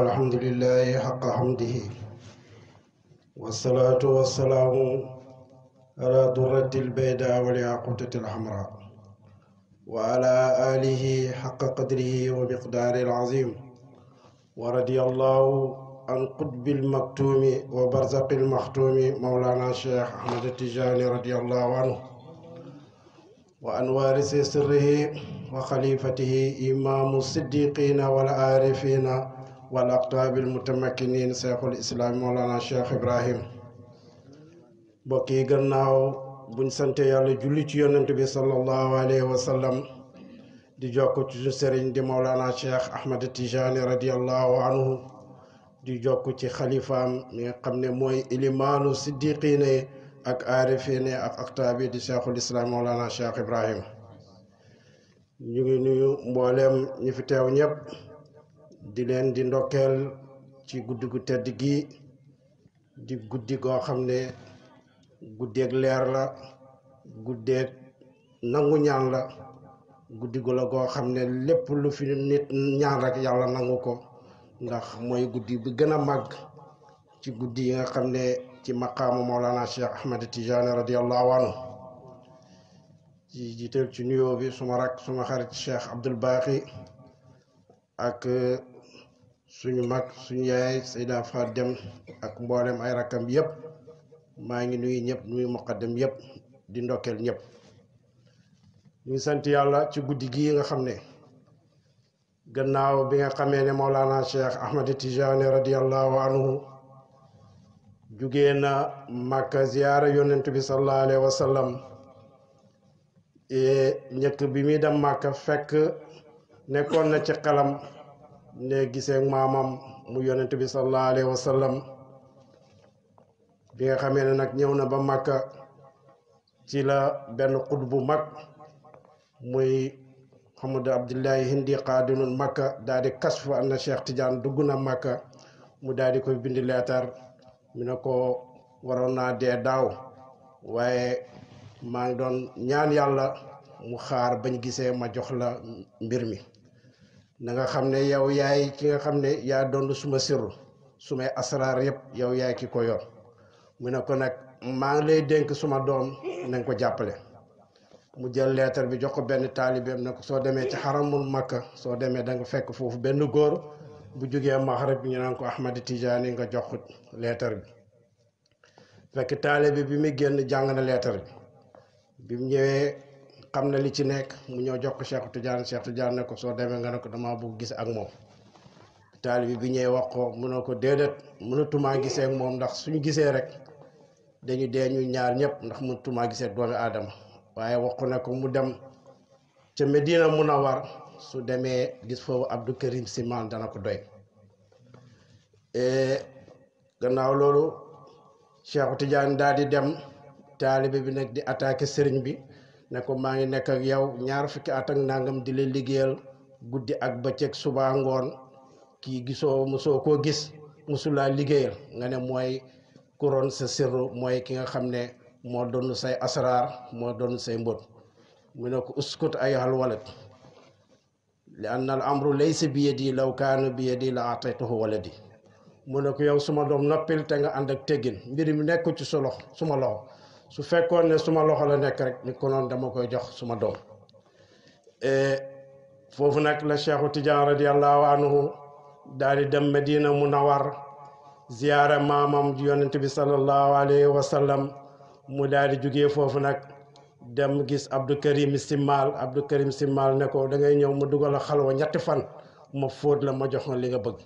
الحمد لله حق حمده والصلاة والسلام على درة البيضاء والياقوتة الحمراء وعلى آله حق قدره ومقداره العظيم ورضي الله عن قطب المكتوم وبرزق المختوم مولانا الشيخ أحمد التجاني رضي الله عنه وعن وارث سره وخليفته إمام الصديقين والعارفين والأقطاب المتمكنين شيخ الإسلام مولانا الشيخ إبراهيم بقي غناو buñ sante yàlla julli ci yonent bi sallallahu alayhi wa sallam di jokk ci suñu sëriñ di Mawlana Cheikh Ahmed Tijani radiallahu anhu di jokk ci xalifaam mi nga xam ne mooy ilimaanu siddiqine ak aarifine ak aktaabi di cheikhul islam Mawlana Cheikh Ibrahim ñu ngi nuyu mbooleem ñu fi teew ñëpp di leen di ndokkeel ci guddi gu tedd gi di guddi goo xam ne guddeeg leer la guddeeg nangu ñaan la guddi la goo xam ne lu fi nit ñaan rek nangu ko ndax mooy guddi bi gën a ci guddi yi nga ci maqaamu Maulana Cheikh Ahmed Tidiane radiyallahu anhu ci jiital ci nuyoo bi suma rak suma xarit Cheikh Abdul Baqi ak suñu mag suñu yaay Seyda Faat Dem ak mboolem ay rakkam yépp maa ngi nuyu ñëpp nuyu muqaddam yépp di ndokkeel ñëpp ñu sant yàlla ci guddi gii nga xam gannaaw bi nga xamee ne Mawlana Cheikh Ahmed Tidiane radiyallahu anhu jugee na Makka ziyaara yonent bi sallallahu alayhi e, njëkk bi muy dem Makka fekk nekkoon na ci xelam ne gisee maamam mu yonent bi sallallahu wa sallam bi nga xamee ne nag ñëw na ba Makka ci la benn xut bu mag muy Muhammad Abdullahi Hindi xaadinul Makka daal di kasfu an na Cheikh dugg na Makka mu daal koy bind leetar mu ne ko waroon naa dee daaw waaye maa ngi doon ñaan yàlla mu xaar bañ gisee ma jox la mbir mi na nga xam ne yow yaay ki nga xam ne yaa doon suma sirru sumay asraar yëpp yow yaay ki ko yor mu ne ko nag maa lay dénk suma doom nañ ko jàppale mu jël leetar bi jox ko benn taalibeem ne ko soo demee ci xaramul makka soo demee da fekk foofu benn góor bu jógee maxarib bi ñu naan ko ahmad tijaani nga jox ko leetar bi fekk taalibe bi mu génn jàng na leetar bi bi mu ñëwee xam na li ci nekk mu ñëw jox ko Cheikh Tidiane Cheikh Tidiane ne ko soo demee nga ne ko damaa bëgg gis ak moom taalibe bi ñëwee wax ko mu ne ko déedéet mënatumaa gisee ak moom ndax suñu gisee rek dañu dee ñaar ñëpp ndax mënatumaa gisee ak doomi aadama waaye wax ko ne ko mu dem ca Medina Munawar su demee gis foofu Abdou Karim Simal dana ko doy eh, gannaaw loolu Cheikhu Tidiane daal di dem taalibe bi nag di attaqué sëriñ bi ne ko maa ngi nekk ak yow ñaar fukki at ak nangam di la liggéeyal guddi ak bëccëg subaa ngoon ki gisoo mosoo koo gis mosulaa liggéeyal nga ne mooy kuroon sa sirru mooy ki nga xam ne moo donn say asraar moo doon say mbóot mu ne ko uskut ay xal walat li anna al amru laysa bi yadi law kaana bi yadi la ataytuhu waladi mu ne ko yow suma doom noppil te nga ànd ak teggin mbir mi nekku ci su loxo suma loxo su fekkoon ne suma loxo la nekk rek ni ko dama koy jox suma doom e, foofu nag la Cheikhu Tidiane radiallahu anhu daal di dem Medina Munawar ziyaara maamam yonent bi sallallahu alayhi wa mu daal di jugee foofu nag dem gis Abdou Karim Simal Abdou Karim Simal ne ko da ñëw ma dugal a xalwa ñetti fan ma fóot la ma jox la li nga bëgg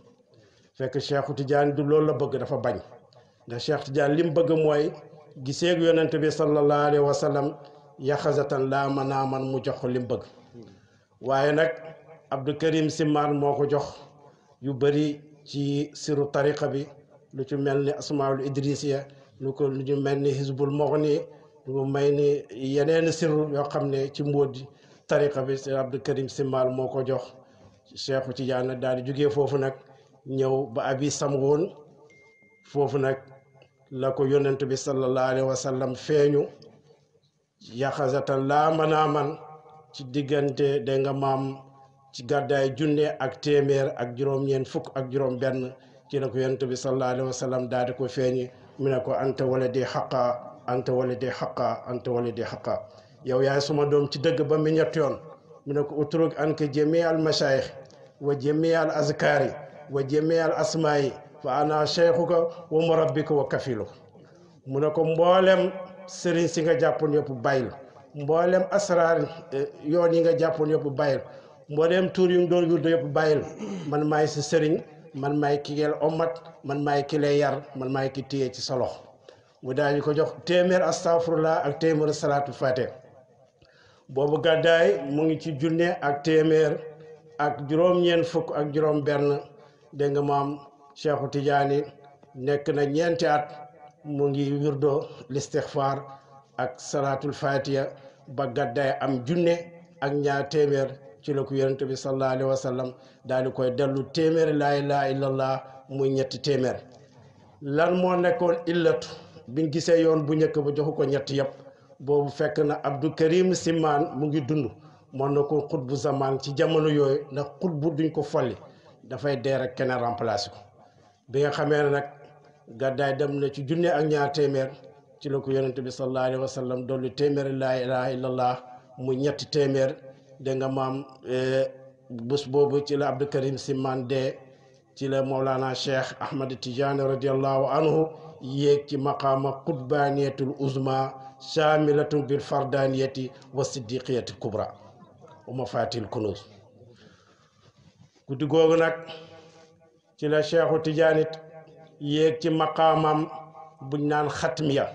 fekk Cheikh Tidiane du lool la bëgg dafa bañ ndax Cheikh Tidiane li bëgg mooy gisee ak yonent bi sallallahu alayhi wa sallam laa ma man mu jox ko li mu bëgg waaye nag Abdou Karim Simal moo ko jox yu bari ci siru tariqa bi lu ci mel ni asmaul idrisiya lu ko lu ñu mel ni hizbul moxni mu may ni yeneen sirru yoo xam ne ci mboot tariqa bi si Abdou Karim Simal moo ko jox Cheikhu Tidiane daal di jóge foofu nag ñëw ba abi sam woon foofu nag la ko yonent bi sallallahu alayhi wa sallam feeñu yaxasatan ci diggante da maam ci gàddaay junne ak téeméer ak juróom-ñeent fukk ak juróom-benn ci la ko yonent bi sallallahu alayhi wa sallam daal ko feeñi mu ne ko anta wala di xaqa anta walidi xaqa anta walidi xaqa yow yaay suma doom ci dëgg ba mu ñett yoon mu ne ko utrug anka jami al mashayix wa jami al azkaari wa jami al asmaayi fa ana cheikhuka wa murabbika wa kafiluka mu ne ko mboolem sëriñ si nga jàppoon yëpp bàyyil mboolem asraar eh, yoon yi nga jàppoon yëpp bàyyil mboolem tuur yu doon wirdo yëpp bàyyil man maay si sëriñ man maay ki gel omat man maay ki lay yar man maay ki téye ci sa mu daal di ko jox téeméer astafurlah ak téeméer salaatul fatih boobu gàddaay mu ngi ci junne ak téeméer ak juróom-ñeent fukk ak juróom-benn dégg nga maam Cheikhu Tidiane nekk na ñeenti at mu ngi wirdo listixfaar ak salaatul fatiha ba gàddaay am junne ak ñaar téeméer ci la ko yonente bi sallallahu alayhi wa koy dellu téeméer laa ilaha illallah muy ñetti téeméer lan moo nekkoon illatu biñ gisee yoon bu njëkk ba joxu ko ñett yëpp boobu fekk na Abdou Karim Simaan mu ngi dund moo nekkoon xutbu zamaan ci jamono yooyu ndax xutbu duñ ko folli dafay dee rek keneen bi nga xamee ne nag gàddaay dem na ci junne ak ñaar téeméer ci la ko yonente bi sallallahu alayhi wa sallam dolli téeméer laa mu ñetti téeméer da nga maam eh, bés boobu ci la Abdou Karim Simaan dee ci la Mawlana Cheikh Ahmad Tidiane radiallahu anhu yéeg ci maqaama qutbaaniyatul uzma saamilatun bil fardaniyati wa siddiqiyati kubra uma fatil kunuz guddi googu nag ci la cheikhu tijaanit yéeg ci maqaamam buñ naan xatmiya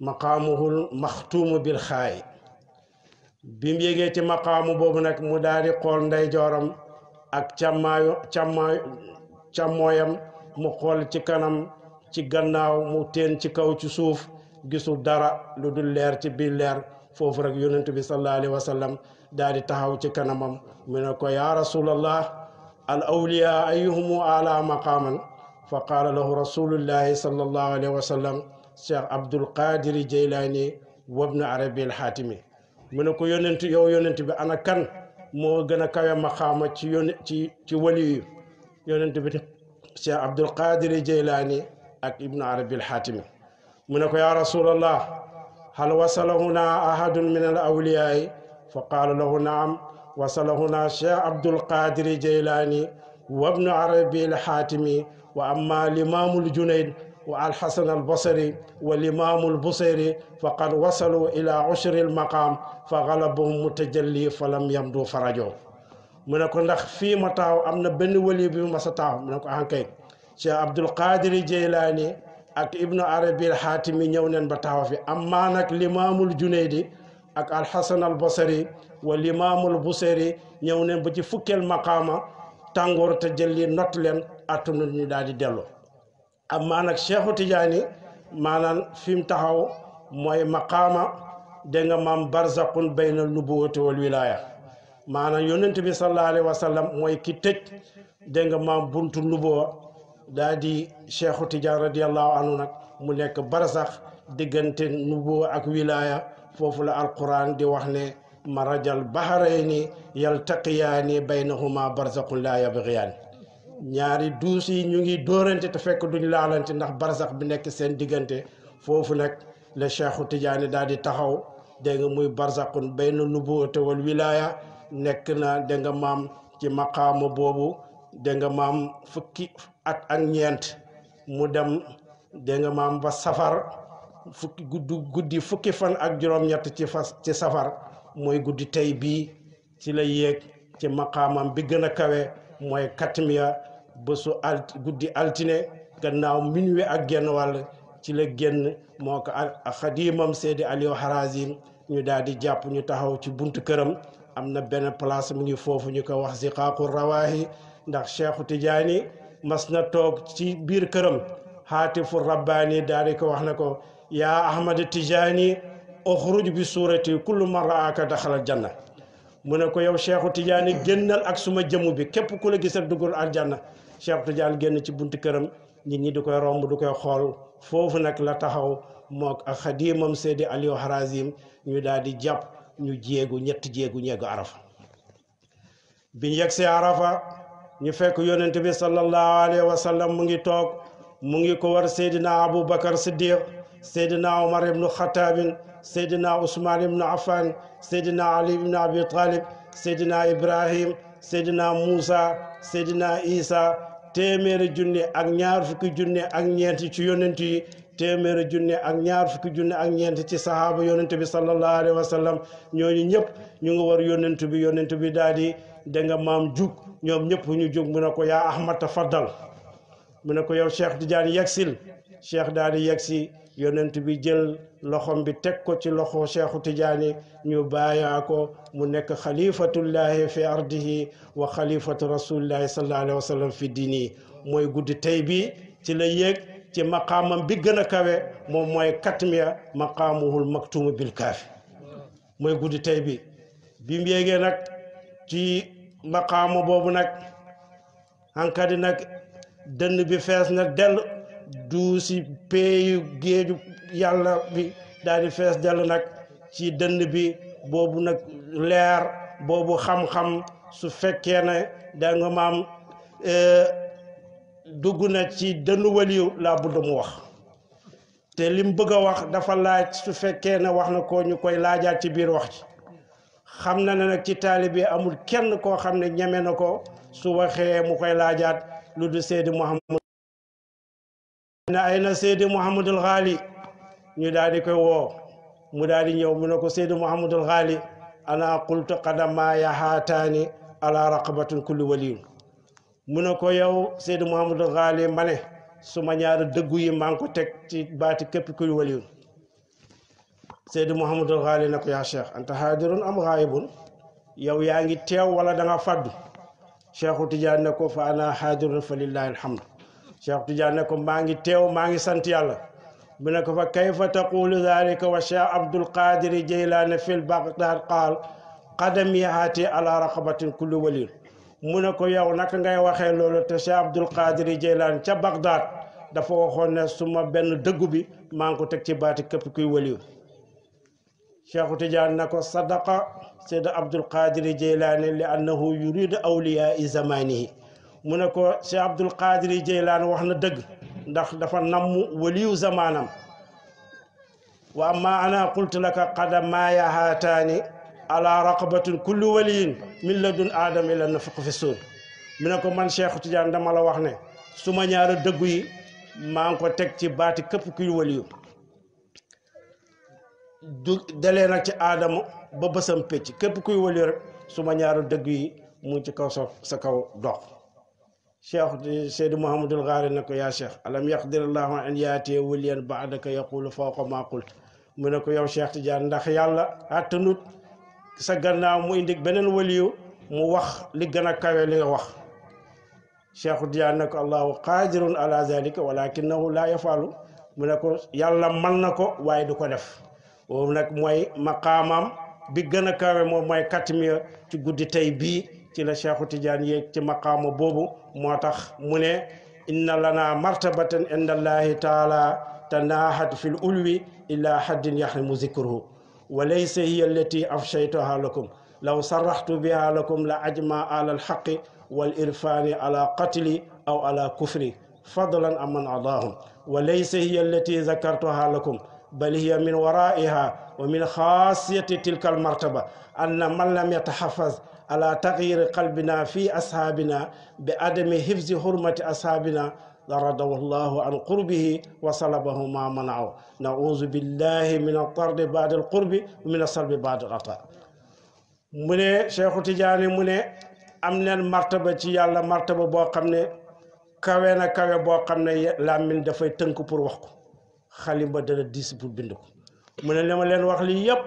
maqaamuhul maxtuumu bil xaay bi mu yégee ci maqaamu boobu nag mu daal di xool ndeyjooram ak càmmaayu càmmaayu càmmooyam mu xool ci kanam ci gannaaw mu teen ci kaw ci suuf gisul dara lu dul leer ci biir leer foofu rek yonent bi sallallahu alayhi wa taxaw ci kanamam mu ne ko yaa rasulallah al awliya ayuhumu ala maqaaman fa qaala lahu rasulullahi sallallahu alayhi wa sallam cheikh abdul qadiri jeylaani wabnu arabi al xaatimi ne ko yonent yow yonent bi ana kan moo gën a kawe maqaama ci yón ci ci wali bi cheikh abdul qadiri jeylaani ak ibnu arabi alxaatimi mu ne ko ya rasulallah hal wasalahuna ahadun min al awliyaayi fa qaala lahu naam wasalahuna cheikh abdulqadiri jeylani وابن عربي الحاتمي وأما الإمام الجنيد والحسن البصري والإمام البصيري فقد وصلوا إلى عشر المقام فغلبهم متجلي فلم يمدوا فرجهم من كنت في متاو أمنا بن ولي بمسا تاو من كنت Cheikh Abdul Qadir Jeylaani ak Ibnu Arabi Xaatimi ñëw nen ba taxaw fi amma nag limaamul Junaydi ak alxasan al basari wa limaamul busari ñëw neen ba ci fukkel maqaama tàngoor te jëlli not leen attunu ñu daal di dellu amma nag Cheikhu Tijaani maanaam fi mu taxaw mooy maqama dégg nga maam barzaqun bayna nubuwati wal wilaaya maanaam yonent bi sallallahu alayhi wa mooy ki tëj dégg nga buntu nubuwa daa di cheikhu tidiane radiallahu anhu nag mu nekk barasax diggante nubuwa ak wilaya foofu la alquran di wax ne marajal baharayni yaltaqiyaani baynahuma barzaxun laa yabghiyaani ñaari duus yi ñu ngi dóorante te fekk duñ laalante ndax barsax bi nekk seen diggante foofu nag la cheikhu tidiane daa di taxaw dégg nga muy barsaxun bayna nubuwate wal wilaya nekk na dégg maam ci maqaama boobu dégg nga maam fukki at ak ñeent mu dem dégg maam ba safar fukki gudd guddi fukki fan ak juróom-ñett ci fas ci safar mooy guddi tey bii ci la yéeg ci maqaamam bi gën a kawe mooy katmiya bésu alt guddi altine gannaaw minuit ak genn wàll ci la génn moo ko xadiimam Seydi aliw Harazim ñu daal di jàpp ñu taxaw ci bunt këram am na benn place mu ngi foofu ñu ko wax si xaaku rawaahi ndax Cheikhu Tidiane mas na toog ci biir këram xaatifu rabbaani daal di ko wax na ko yaa ahmad tijaani oxruj bi suurati kullu man raaka daxalal janna mu ne ko yow cheikhu tijaani génnal ak suma jëmu bi képp ku la gis ak duggul aljanna cheikhu tijaani génn ci buntu këram nit ñi di koy romb du koy xool foofu nag la taxaw mook ak xadiimam Seydi Aliou Harazim ñu daal di jàpp ñu jéegu ñetti jéegu ñeegu arafa biñ yegg see arafa ñu fekk yonent bi sallallahu alayhi wa sallam mu ngi toog mu ngi ko war seydina aboubacar siddiq seydina omar ibnu xataabin seydina ousmaan ibnu affan seydina ali ibnu abi talib seydina ibrahim seydina moussa seydina isa téeméeri junni ak ñaar fukki junni ak ñeenti ci yonent téeméeri junne ak ñaar fukki junne ak ñeent ci sahaaba yonent bi sallallahu alayhi wa sallam ñooñu ñëpp ñu nga war yonent bi yonent bi daal di da maam jug ñoom ñëpp ñu jug mu ne ko yaa ahmad tafaddal mu ne ko yow cheikh Tidiane yegsil cheikh daal di yegsi yonent bi jël loxom bi teg ko ci loxo cheikhu Tidiane ñu bàyyaa mu nekk xalifatullahi fi ardihi wa xalifatu rasulillahi sallallahu alayhi wa sallam fi diini mooy guddi tey bi ci la yéeg ci maqaamam bi gën a kawe moom mooy katmiya maqaamuhul maktumu bil kaafi mooy guddi tey bi bi mu yéegee nag ci maqaama boobu nag ankadi nag dënn bi fees na dell du si géeju yàlla bi daal fees dell nag ci dënn bi boobu nag leer boobu xam-xam su fekkee na da maam eh, dugg na ci dënnu waliyu budd mu wax te lim bëgg a wax dafa laaj su fekkee ne wax na ko ñu koy laajaat ci biir wax ci xam na ne nag ci taalibe amul kenn koo xam ne ñeme na ko su waxee mu koy laajaat lu du Seydi Mouhamadou ne ay na Seydi Mouhamadul Xaali ñu daal di koy woo mu daal di ñëw mu ne ko Seydi Mouhamadul Xaali ana mu ko yow Seydou mamadou Ghali mané suma ñaari dëggu yi man ko tek ci baati kep kuy waliw Seydou mamadou Ghali nako ya cheikh anta hadirun am ghaibun yow yaangi tew wala da nga fàddu Cheikhu Tidiane nako fa ana hadirun fa lillahi alhamdu Tidiane nako ko ngi teew ngi yàlla mu ko fa kayfa taqulu dalika wa cheikh Abdul Qadir Jeylaani fil Baghdad qal qadami haati ala raqabatin kulli waliin mu ne ko yow naka ngay waxee loolu te Cheikh Abdul Qadir Jeylaan ca Bagdad dafa waxoon ne suma benn dëggu bi maa ngi ko teg ci baati képp kuy waliw Cheikhu Tidiane na ko sadaqa Seydi Abdul Qadir Jeylaani li annahu yuridu awliyaa zamanihi mu ne ko Cheikh Abdul Qadir Jeylaan wax na dëgg ndax dafa namm waliw zamaanam wa amma ana qultu laka qadamaaya haataani ala raqabatin kullu waliyin min ladun aadama ila nafaq fi suur mu ne ko man Cheikh Tidiane dama la wax ne su ma ñaara dëggu yi maa ngi ko teg ci baati képp kuy waliyu du dalee nag ci aadama ba bësam pécc képp kuy waliyu rek su ma ñaara dëgg yi mu ci kaw sa sa kaw dox cheikh seydi mouhamadul gaari ne ko yaa cheikh alam yaqdir allahu an yaatee waliyan baadaka yaqulu fawqa ma qult mu ne ko yow cheikh Tidiane ndax yàlla attanut sa gannaaw mu indi beneen waliyu mu wax li gën a kawe li nga wax cheikhu Tijaan ne ko allahu qadirun ala zalika walakinahu la yafalu mu ne ko yàlla man na ko waaye du ko def boobu nag mooy maqaamam bi gën a kawe moom mooy katmiya ci guddi tey bii ci la cheikhu Tijaan yéeg ci maqaama boobu moo tax mu ne inna lana martabatan inda allahi taala tanaahat fi l ulwi ila haddin yahrimu zikruhu وليس هي التي أفشيتها لكم لو صرحت بها لكم لأجمع على الحق والإرفان على قتلي أو على كفري فضلا عمن أعضاهم وليس هي التي ذكرتها لكم بل هي من ورائها ومن خاصية تلك المرتبة أن من لم يتحفظ على تغيير قلبنا في أصحابنا بعدم حفظ حرمة أصحابنا ضردوا الله عن قربه وصلبه ما منعوا نعوذ بالله من الطرد بعد القرب ومن الصلب بعد الغطاء من شيخ تجاني من أمن المرتبة تي الله مرتبة بوقمنا كوينا كوي بوقمنا لا من دفاي تنكو بور وخكو خالي ما دال ديس بور بندو من لما لين واخ لي ييب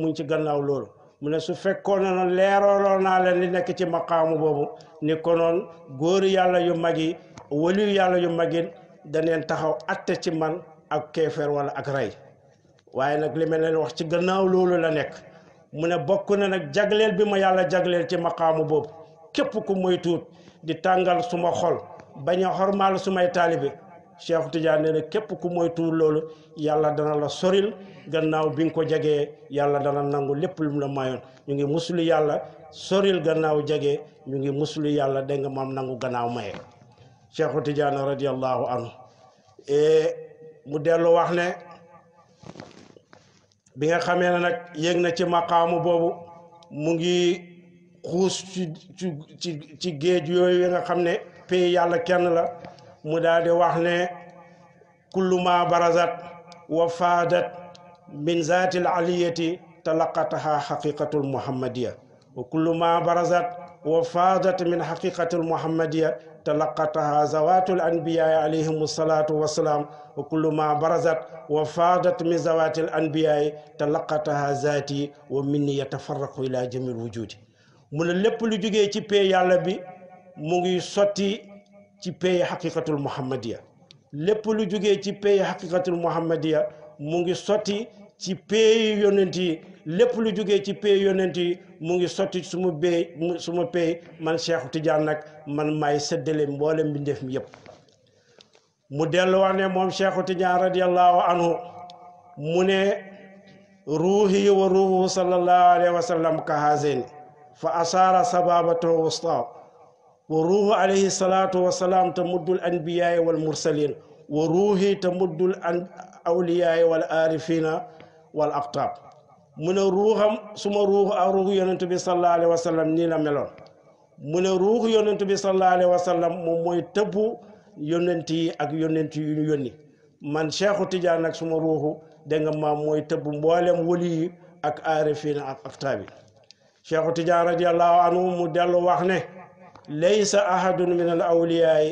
مون سي غناو لول من سو فيكون انا ليرولو نا لين لي نيك سي مقام بوبو ني كونون غور يالله يو ماغي waliyu yàlla yu magin daneen taxaw atte ci man ak keefeer wala ak rey waaye nag li ma na wax ci gannaaw loolu la nekk mu ne bokk na nag jagleel bi ma yàlla jagleel ci maqaamu boobu képp ku muy di tàngal suma xol bañ a xormaal sumay taalibe Cheikh Tidiane nee na képp ku mooy loolu yàlla dana la soril gannaaw bi nga ko jegee yàlla dana nangu lépp lu mu la mayoon ñu ngi muslu yàlla soril gannaaw jagee ñu ngi muslu yàlla dégg nga maam nangu gannaaw maye cheikhu tidiane radiallahu anhu e mu dellu wax ne bi nga xamee ne nag yéeg na ci maqaamu boobu mu ngi xuus ci ci ci géej yooyu yi nga xam ne pay yàlla kenn la mu daal di wax ne kulluma barazat wa faadat min zaati l aliyati talaqataha xaqiqatu l muhammadiya wa kulluma barazat wa faadat min xaqiqati l muhammadiya تلقتها زوات الأنبياء عليهم الصلاة والسلام وكل ما برزت وفاضت من زوات الأنبياء تلقتها ذاتي ومني يتفرق إلى جميع الوجود من لب lu jógee ci pay yàlla bi mu ngi sotti ci pay xaqiqatul muhammadiya lépp lu jógee ci pay xaqiqatul muhammadiya mu ngi sotti ci pay yonent yi lu jógee ci pay yonent mu ngi sotti suma bay suma pay man Cheikh Tidiane nag man maay séddale mboolem mbindeef mi yëpp mu dellu wax ne moom Cheikhu Tijaan radiyallahu anhu mu ne ruuhi wa ruuhu sallallahu alayhi wa sallam kahaaseni fa asaara sababatahu wusta wa ruuhu alayhi salaatu wa salaam tamuddul anbiyaai wal mursaliin wa ruuhi tamuddul an awliyaai wal aarifiina wal aqtaab mu ne ruuxam suma ruuxu ak ruuxu yonent bi wa sallam nii la meloon mu ne ruuxu yonent bi sallallahu alayhi wa sallam moom mooy tëbb yonent ak yonent yu man Cheikhu Tidiane ak suma ruuxu dégg nga maam mooy tëbb mboolem wali yi ak aarifiina ak aktaabi Cheikhu Tidiane radiallahu anhu mu dellu wax ne laysa ahadun min awliyaay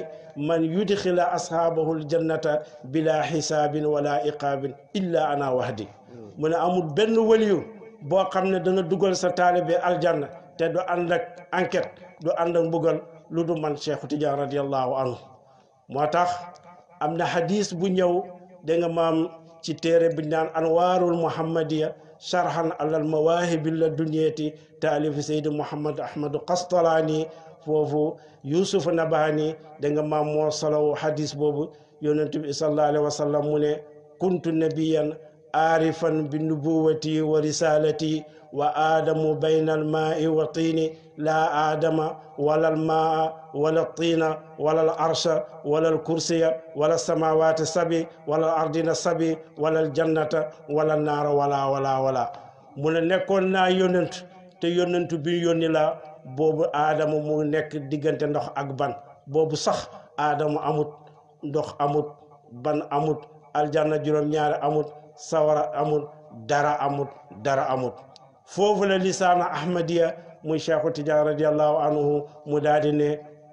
man yudxila ashaabahu aljannata bila xisaabin wala iqaabin illa ana wahdi mu ne amul benn waliyu boo xam ne dana dugal sa taalibe aljanna te du ànd ak enquête du ànd ak lu du man cheikhu tidiane radiallahu anhu moo tax am na hadis bu ñëw da nga maam ci téere bi naan anwaarul muhammadiya sharhan alal mawaahibi la dunyati taalifi saydi muhammad ahmadu qastalaani foofu yusuf nabaani da nga maam moo solow hadis boobu yonent bi sallallahu alayhi wa mu ne kuntu nabiyan aarifan bi nubuwati wa risalati وآدم بين الماء والطين لا آدم ولا الماء ولا الطين ولا العرش ولا الكرسي ولا السماوات السبع ولا الأرض السبع ولا الجنة ولا النار ولا ولا ولا من نكون نا يوننت te yonent bi yónni la boobu aadama mu nekk diggante ndox ak ban boobu sax aadama amut ndox amut ban amut aljanna juróom-ñaari amut sawara amut dara amut dara amut foofu la lisana ahmadiya muy cheikhu tidiane radiallahu anhu mu daadi ne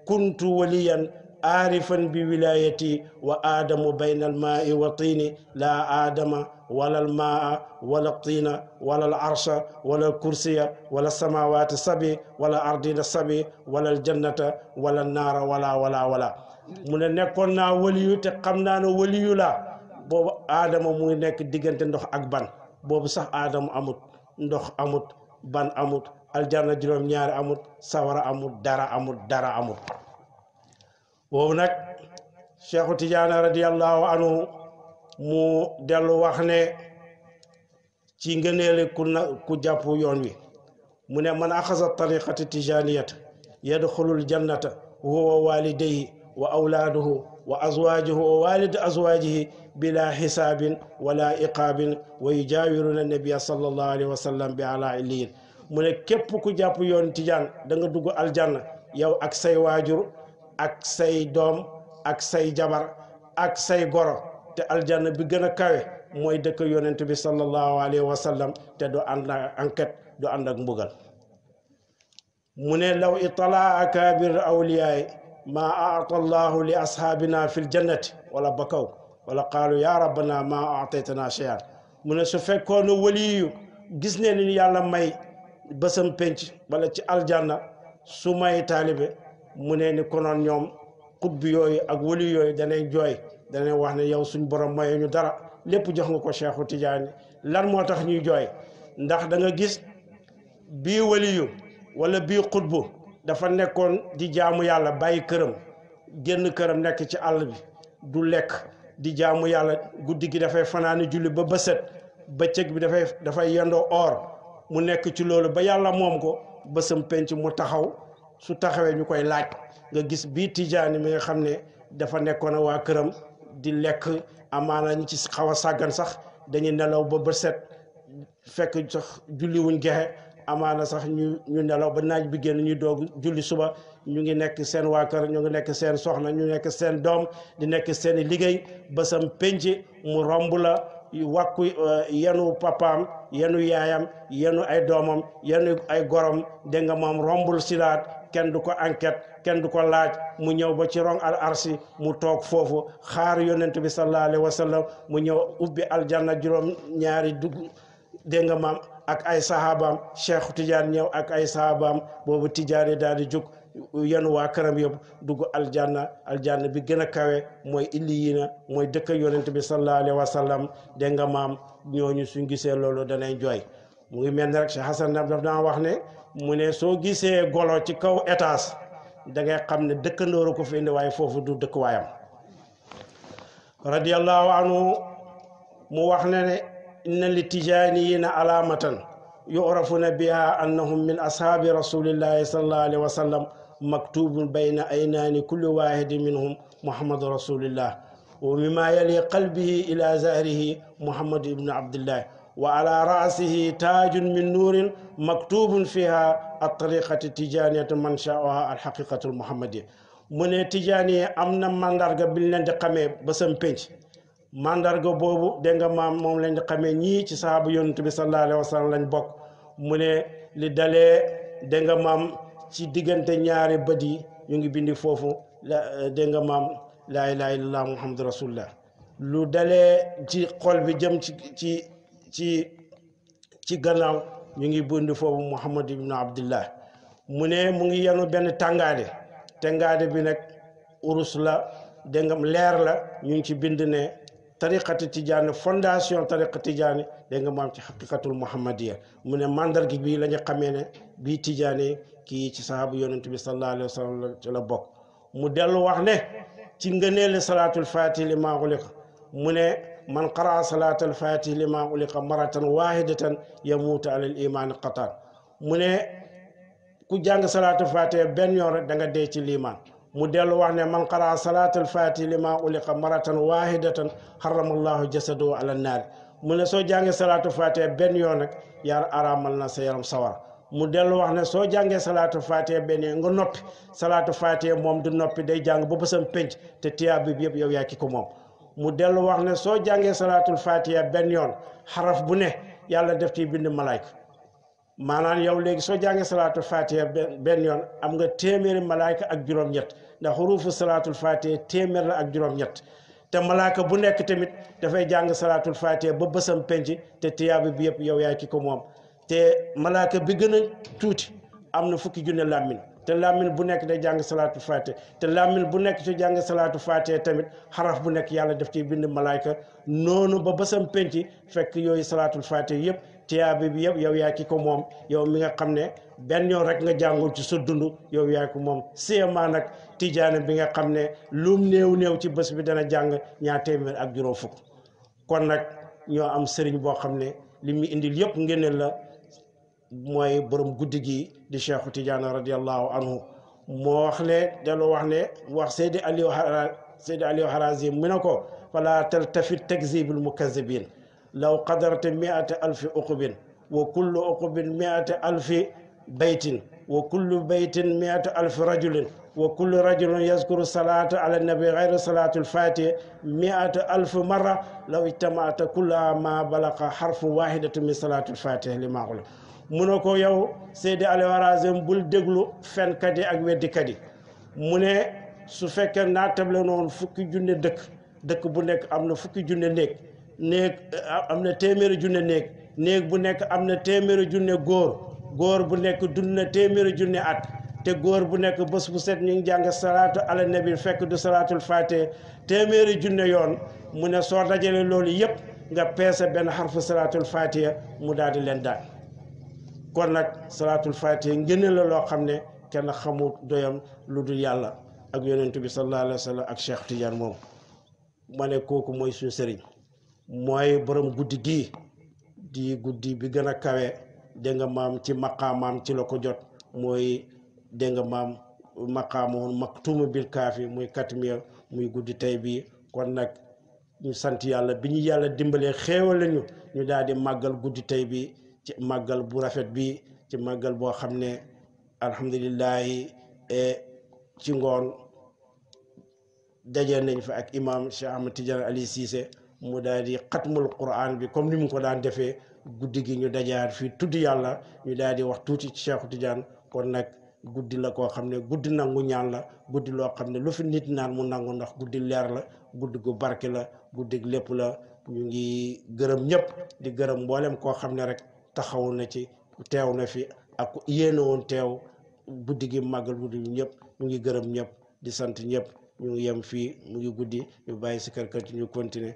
kuntu waliyan arifan bi wilayati wa adamu bayna almaai wa tini la adama wala almaa wala altina wala alarsha wala alkursiya wala alsamawati sabi wala ardina sabi wala aljannata wala annaara wala wala wala mu ne nekkoon naa waliyu te xam naa ne waliyu la boobu aadama muy nekk diggante ndox ak ban boobu sax aadama amut ndox amut ban amut aljanna juróom-ñaari amut sawara amut dara amut dara amut woowu nag Cheikhu Tidiane radiyallahu anhu mu dellu wax ne ci ngëneeli ku jàpp yoon wi mu ne man axasa tariqati tijaniyata yadxulul jannata huwa walidayi wa awlaaduhu wa azwajuhu wa walidu azwajihi bila hisabin wala iqabin wa yujawiruna nabiyya sallallahu alayhi wa sallam bi ala mu ne képp ku jàpp yoon tijaan danga nga dugg aljanna yow ak say waajur ak say doom ak say jabar ak say goro te aljanna bi gën a kawe mooy dëkk yonent bi sallallahu alayhi wa te du ànd ak du ànd ak mbugal mu ne law italaa akaabir awliyaay maa aata allahu li ashaabina fi ljannati wala bakaw wala qaalu yaa rabbana maa aataytana cheyan mu ne su fekkoon waliyu gis ne ni yàlla may bësam penc walla ci aljanna su may taalibe mu ne ni konoon ñoom xutb yooyu ak wali yooyu danay jooy danay wax ne yow suñ borom maye ñu dara lépp jox nga ko Cheikhu Tidiane lan moo tax ñuy jooy ndax danga gis bii waliyu wala bii xutbu dafa nekkoon di jaamu yàlla bàyyi këram génn këram nekk ci àll bi du lekk di jaamu yàlla guddi gi dafay fanaani julli ba bësët bëccëg bi dafay dafay yendoo or mu nekk ci loolu ba yàlla moom ko bësam penc mu taxaw su taxawee ñu koy laaj nga gis bii tijaani mi nga xam ne dafa nekkoon waa këram di lekk amaana ñu ci xaw a sàggan sax dañuy nelaw ba bësët fekk sax julliwuñ wuñ gexe amaana sax ñu ñu nelaw ba naaj bi génn ñu doog julli suba ñu ngi nekk seen waa kër ñu ngi nekk seen soxna ñu nekk seen doom di nekk seen liggéey ba sam penc mu romb la wàkku euh, yenu papam yenu yaayam yenu ay doomam yenu ay gorom dégg mam rombul sidaat kenn du ko enquête kenn du ko laaj mu ñëw ba ci rong al arsi mu toog foofu xaar yonent bi sallallahu alayhi wa sallam mu ñëw ubbi aljanna juróom ñaari dugg dégg nga ak ay sahabaam Cheikh Tidiane ñëw ak ay sahabaam boobu Tidiane daal di jóg yenu waa këram yëpp dugg aljanna aljanna bi gën a kawee mooy illiyina mooy dëkk yonent bi sallallahu alayhi wa sallam dégg nga maam ñooñu suñ gisee loolu danay jooy mu ngi mel ne rek Cheikh Hassan daf daa wax ne mu ne soo gisee golo ci kaw étage da ngay xam ne dëkkandooru ko fi indi waaye foofu du dëkkuwaayam radiyallahu anhu mu wax ne ne inna li tijaaniyina alaamatan yu'rafuna biha annahum min ashaabi rasulillahi sallallahu alayhi wa sallam maktubun bayna aynaani kulli waahidin minhum muhammadu rasulillah wa mimma yali qalbihi ila zahrihi muhammadu ibnu abdillah wa ala raasihi taajun min nuurin maktubun fiha at-tariqati tijaaniyatu man shaaha alhaqiqatu almuhammadiyya mu ne tijaani am na mandarga bi ñu leen di xamee ba sam penc màndarga boobu dégg maam moom lañ xamee ñii ci saabu yonent bi sallallahu alayhi wa lañ bokk mu ne li dalee dégg maam ci diggante ñaari bët yi ñu ngi bindi foofu la maam laa ilaaha illallah lu dalee ci xol bi jëm ci ci ci ci gannaaw ñu ngi bindi foofu muhammad mu ne mu ngi yanu benn tàngaade tàngaade bi nag urus la dégg leer la ñu ngi ci bind ne tariqati tijaani fondation tariqa tijaani dégg nga mu am ci xaqiqatul muhammadiya mu ne mandarga bii lañu xamee ne bii tijaani kii ci sahabu yonent bi sallallahu alayhi wa sallam la bokk mu dellu wax ne ci salaatul fatihi li mu ne man qaraa salaatul fatihi li maa uliqa maratan waahidatan yamuutu alal imaani qataan mu ne ku jàng salaatul fatihi benn yoon rek danga nga dee ci liimaan mu dellu wax ne man qaraa salaatal faati li maa uliqa maratan waahidatan xaramallahu jasadahu ala naari mu ne soo jàngee salaatu faatee benn yoon rek yar araamal na sa yaram mu dellu wax ne soo jàngee salaatu faatee benn yoon nga noppi salaatu faatee moom du noppi day jàng ba bësam penc te tiyaab bi yëpp yow yaa ki ko moom mu dellu wax ne soo jàngee salaatul faatiya benn yoon xaraf bu ne yàlla def ci bind malayka maanaam yow léegi soo jàngee salaatul fatiha benn yoon am nga téeméeri malaayka ak juróom-ñett ndax xurufu salaatul fatiha téeméer la ak juróom te malaaka bu nekk tamit dafay jàng salaatul fatiha ba bësam penc te tiyaabi bi yëpp yow yaay ki ko moom te malaaka bi gën a tuuti am na fukki junne làmmin te làmmin bu nekk day jàng salaatu faate te làmmin bu nekk ci jàng salaatu faate tamit xaraf bu nekk yàlla def ci bind malaayka noonu ba bësam penc fekk yooyu salaatul faate yëpp tiyaabi bi yëpp yow yaa ki ko moom yow mi nga xam ne benn yoon rek nga jàngul ci sa dund yow yaa ko moom séemaa nag tijaane bi nga xam ne lum néew néew ci bés bi dana jàng ñaar téeméer ak juróom fukk kon nag ñoo am sëriñ boo xam ne li mu indil yëpp ngeen la mooy borom guddi gi di cheikhu tijaane radiallahu anhu moo wax ne delloo wax ne wax Seydi Aliou Hara Seydi Aliou Harazim mu ne ko fala taltafit takzibul mukazzibin لو قدرت مئة ألف أقب وكل أقب مئة ألف بيت وكل بيت مئة ألف رجل وكل رجل يذكر الصلاة على النبي غير صلاة الفاتحة مئة ألف مرة لو اجتمعت كل ما بلغ حرف واحدة من صلاة الفاتحة لما أقوله منوكو يو سيدي علي ورازم بول دغلو فن كدي اك ويدي كدي موني سو فك فكي نون فك جوني دك دك بو نيك امنا فك نيك néeg am na téeméeri junne néeg néeg bu nekk am na téeméeri junne góor góor bu nekk dund na téeméeri junne at te góor bu nekk bés bu set ñu ngi jàng salaatu ala nabi fekk du salaatul faate téeméeri junne yoon mu ne soo dajale loolu yépp nga peese benn xarfu salaatul faatiya mu daal di leen daal kon nag salaatul faatiya ngeen la loo xam ne kenn xamu doyam lu dul yàlla ak yonent bi sallallahu alayhi ak Cheikh Tidiane moom ma ne kooku mooy suñu sëriñ mooy borom guddi gii di guddi bi gën a kawee dégg maam ci maqaamaam ci la ko jot mooy dégg nga maam maqaamoon maktuuma bil kaafi muy katmiya muy guddi tey bii kon nag ñu sant yàlla bi ñu yàlla dimbalee xéewale ñu ñu daal di màggal guddi tey bi ci màggal bu rafet bi ci màggal boo xam ne alhamdulillahi e ci ngoon daje nañu fi ak imam Cheikh Ahmad Tidiane Ali Cissé mu daal di xatmul quran bi comme ni mu ko daan defee guddi gi ñu dajaar fii tudd yàlla ñu daal di wax tuuti ci Cheikhu Tidiane kon nag guddi la koo xam ne guddi nangu ñaan la guddi loo xam ne lu fi nit naan mu nangu ndax guddi leer la guddi gu barke la guddi lépp la ñu ngi gërëm ñëpp di gërëm mboolem koo xam ne rek taxaw na ci teew na fi ak yéene woon teew guddi gi màggal guddi ñëpp ñu ngi gërëm ñëpp di sant ñëpp ñu ngi yem fii mu ngi guddi ñu bàyyi si kër kër ci ñu continuer